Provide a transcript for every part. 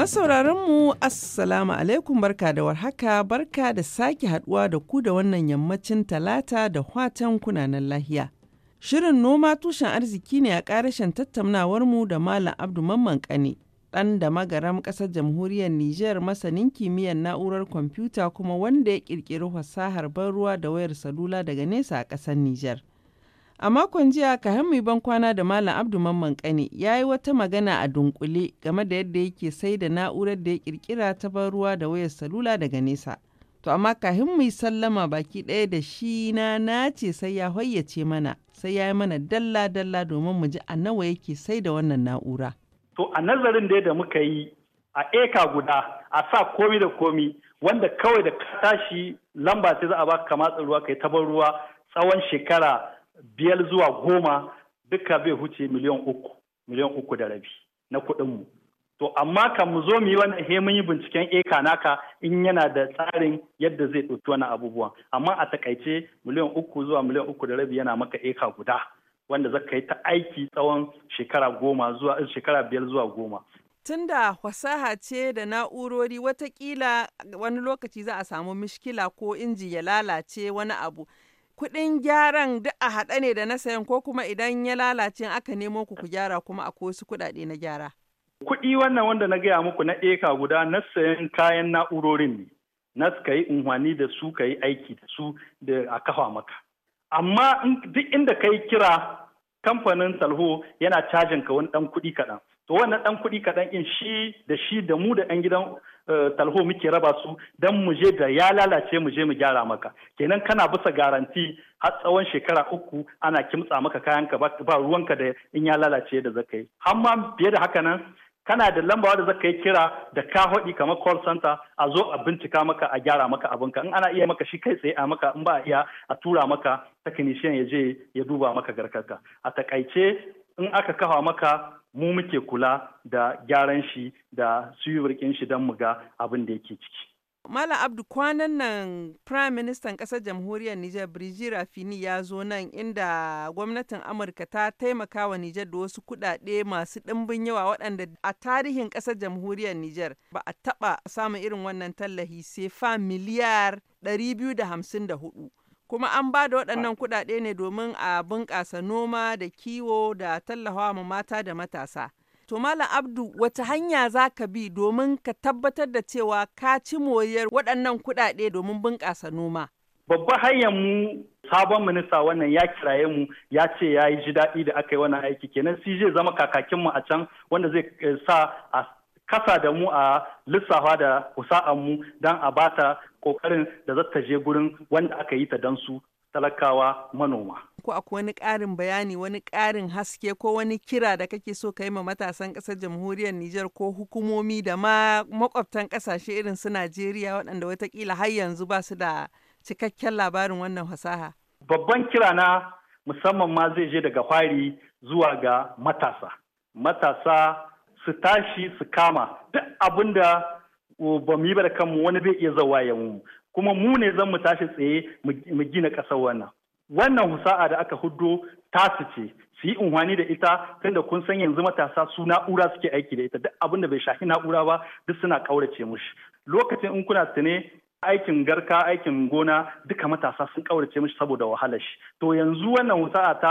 mu Assalamu alaikum barka da warhaka barka da sake haduwa da ku da wannan yammacin talata da watan kunanan lahiya. Shirin noma tushen arziki ne a ƙarashin mu da Malam Abdu Mamman Kane, ɗan da magaram ƙasar jamhuriyar Nijar masanin kimiyyar na'urar kwamfuta kuma wanda ya ƙirƙiri fasahar ban ruwa da wayar salula daga nesa a ƙasar Nijar. A makon jiya kahin mai ban kwana da Malam Abdu Mamman kani ya yi wata magana a dunkule game da yadda yake sai da na'urar da ya kirkira ta ban ruwa da wayar salula daga nesa. To amma kahin mu sallama baki ɗaya da shi na nace sai ya hoyyace mana sai ya yi mana dalla dalla domin mu ji a nawa yake sai da wannan na'ura. To a nazarin dai da muka yi a eka guda a sa komi da komi wanda kawai da ka tashi lamba sai za a baka ka matsa ruwa kai ta ban ruwa tsawon shekara biyar zuwa goma duka bai huce miliyan uku miliyan uku da rabi na kuɗinmu to amma kan mu zo mu yi wannan hemin mun yi binciken eka naka in yana da tsarin yadda zai ɗauki wannan abubuwan amma a takaice miliyan uku zuwa miliyan uku da rabi yana maka eka guda wanda zaka yi ta aiki tsawon shekara goma zuwa shekara biyar zuwa goma tun da fasaha ce da na'urori watakila wani lokaci za a samu mishkila ko inji ya lalace wani abu kuɗin gyaran duk a haɗa ne da na sayan ko kuma idan ya lalace aka nemo ku ku gyara kuma akwai wasu kuɗaɗe na gyara. Kuɗi wannan wanda na gaya muku na eka guda na sayan kayan na'urorin ne. Na ka yi unhwani da su ka yi aiki da su da a kafa maka. Amma duk inda ka yi kira kamfanin salho yana cajin ka wani ɗan kuɗi kaɗan. to wannan dan kuɗi kaɗan in shi da shi da mu da yan gidan eh, talho muke raba su don mu je da ya lalace mu je mu gyara maka kenan kana bisa garanti har tsawon shekara uku ana kimtsa maka kayanka ba ruwanka da in ya lalace da zaka yi amma biye da haka nan kana da lambawa da zaka yi kira da ka haɗi kamar call center a zo a bincika maka a gyara maka abinka in ana iya maka shi kai tsaye a maka in ba a iya a tura maka technician ya je ya duba maka garkarka a takaice in aka kafa maka mu muke kula da gyaran shi da suyurkin shi don mu ga abin da yake ciki. Mala Abdu kwanan nan Prime minister ƙasar Jamhuriyar Nijar Birji Rafini ya zo nan inda gwamnatin Amurka ta taimaka wa Nijar da wasu kuɗaɗe masu ɗimbin yawa waɗanda a tarihin ƙasar Jamhuriyar Nijar ba a taɓa samun irin wannan tallahi sai fa miliyar 254. kuma an ba da waɗannan kuɗaɗe ne domin a bunƙasa noma da kiwo da tallafawa ma mata da matasa. To Malam Abdu wata hanya za ka bi domin ka tabbatar da cewa ka ci moyar waɗannan kuɗaɗe domin bunƙasa noma? Babban hanyar mu sabon minista wannan ya kiraye mu ya ce ya yi ji daɗi da aka yi wannan aiki kenan shi zai zama kakakinmu a can wanda zai eh, sa a kasa da mu a lissafa da kusa'an mu don a bata kokarin da zata je gurin wanda aka yi ta don su talakawa manoma. Ko akwai wani ƙarin bayani wani ƙarin haske ko wani kira da kake so ka yi ma matasan ƙasar jamhuriyar Nijar ko hukumomi da ma makwabtan ƙasashe irin su Najeriya waɗanda watakila har yanzu ba su da cikakken labarin wannan fasaha. Babban kira na musamman ma zai je daga fari zuwa ga matasa. Matasa su tashi su kama duk abin da oh, ba mu yi ba da kanmu wani zai iya zawa ya mu kuma mu ne zan mu tashi tsaye mu gina ƙasar wannan wannan husa'a da aka huddo tasu ce su yi unhwani da ita tunda kun san yanzu matasa su na'ura suke aiki da ita duk abin da bai shafi na'ura ba duk suna ƙaurace mushi lokacin in kuna tune aikin garka aikin gona duka matasa sun ƙaurace mishi saboda wahalar shi to yanzu wannan husa'a ta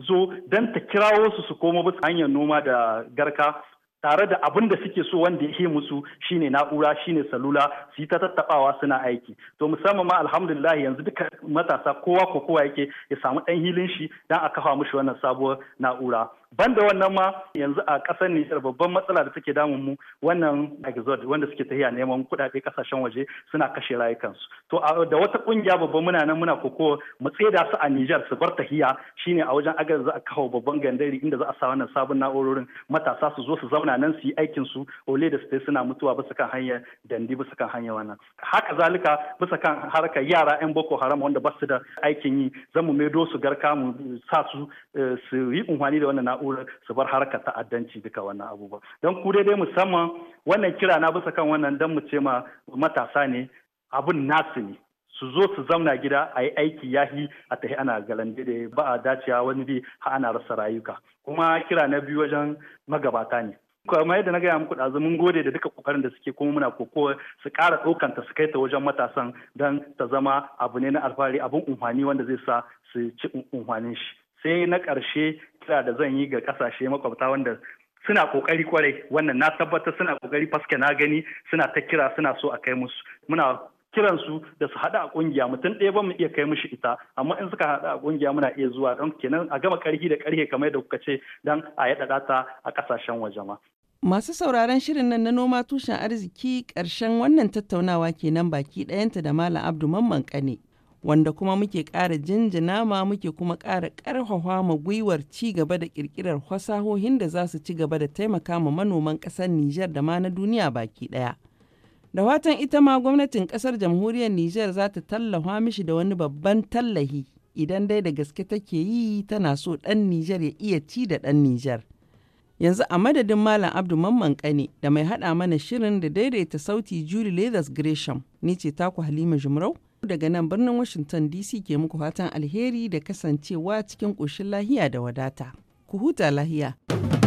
zo don ta kirawo su su koma bisa hanyar noma da garka tare da abin da suke so wanda ya musu shine na'ura shine salula su yi ta tattabawa suna aiki to musamman ma alhamdulillah yanzu duka matasa kowa ko kowa yake ya samu dan hilin shi dan a kafa mushi wannan sabuwar na'ura banda wannan ma yanzu a kasar ne babban matsala da take damun mu wannan exod wanda suke tafiya neman kuɗaɗe kasashen waje suna kashe rayukansu to da wata kungiya babban muna nan muna koko mu tseda su a Nijar su bar tahiya shine a wajen agar za a kawo babban gandari inda za a sa wannan sabon na'urorin matasa su zo su zama suna nan su yi aikin su ole da su suna mutuwa bisa kan hanya dandi bisa kan hanya wannan haka zalika bisa kan harkar yara yan boko haram wanda basu da aikin yi zan mu maido su garka mu sa su eh, su yi amfani da wannan na'urar su bar harkar ta'addanci duka wannan abubuwa don ku daidai musamman wannan kira na bisa kan wannan dan mu ce ma matasa ne abun nasu ne su zo su zauna gida a yi aiki yahi a tahi ana galan da ba a dacewa wani bi ha ana rasa rayuka kuma kira na biyu wajen magabata ne kamar yadda na gaya muku ɗazu mun gode da duka kokarin da suke kuma muna koko su ƙara ta su kai ta wajen matasan dan ta zama abu ne na alfahari abun umfani wanda zai sa su ci umfanin shi sai na karshe kira da zan yi ga kasashe makwabta wanda suna kokari kwarai wannan na tabbata suna kokari faske na gani suna ta kira suna so a kai musu muna kiransu da su haɗa a ƙungiya mutum ɗaya ba mu iya kai mushi ita amma in suka haɗa a ƙungiya muna iya zuwa don kenan a gama ƙarfi da ƙarfe kamar yadda kuka ce don a yi ta a ƙasashen waje ma. Masu sauraron shirin nan na noma tushen arziki ƙarshen wannan tattaunawa kenan baki ɗayanta da Malam Abdu Mamman Kane. Wanda kuma muke ƙara jinjina ma muke kuma ƙara ƙarfafa ma gwiwar ci gaba da ƙirƙirar fasahohin da za su ci gaba da taimaka ma manoman ƙasar Nijar da ma na duniya baki ɗaya. Da watan ita ma gwamnatin kasar jamhuriyar Nijar za ta tallafa mishi da wani babban tallahi idan dai da gaske take yi tana so ɗan Nijar ya iya ci da ɗan Nijar. Yanzu a madadin Malam Abdu Mamman Kane da mai haɗa mana shirin da daidaita sauti Julie Leathers Gresham ni ce taku Halima Jumrau daga nan birnin Washington DC ke muku fatan alheri da kasancewa cikin ƙoshin lahiya da wadata. Ku huta lahiya.